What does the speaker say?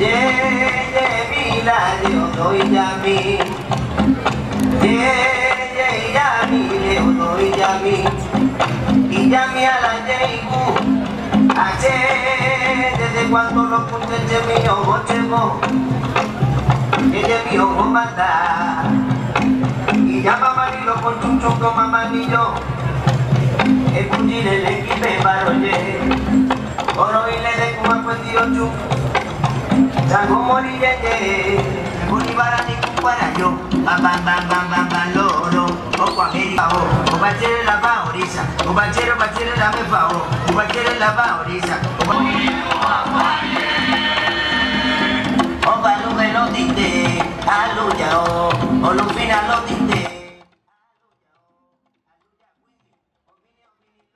Yeye mi la le ọ̀dọ̀ ìyá mi. Yeye ìyá le ọ̀dọ̀ ìyá mi. Ìyá mi alajẹ ikú. Àjẹ tètè pàtó lọ́kùn tètè mi ọ̀wọ́ tẹ mọ̀. Tètè mi ọ̀wọ́ bàtà. Ìyá bàbá mi lọ́kọ̀ tuntun kan màmá mi yọ. Èkúndínlẹ̀ lẹ́kí bẹ́ẹ̀ bá lọ jẹ. Ọ̀rọ̀ ilé lẹ́kùn wá pẹ́ Tango morilete, bolivara ni yo, bam bam bam bam bam loro, o, la baoriza, o la me o, o la la o aluya o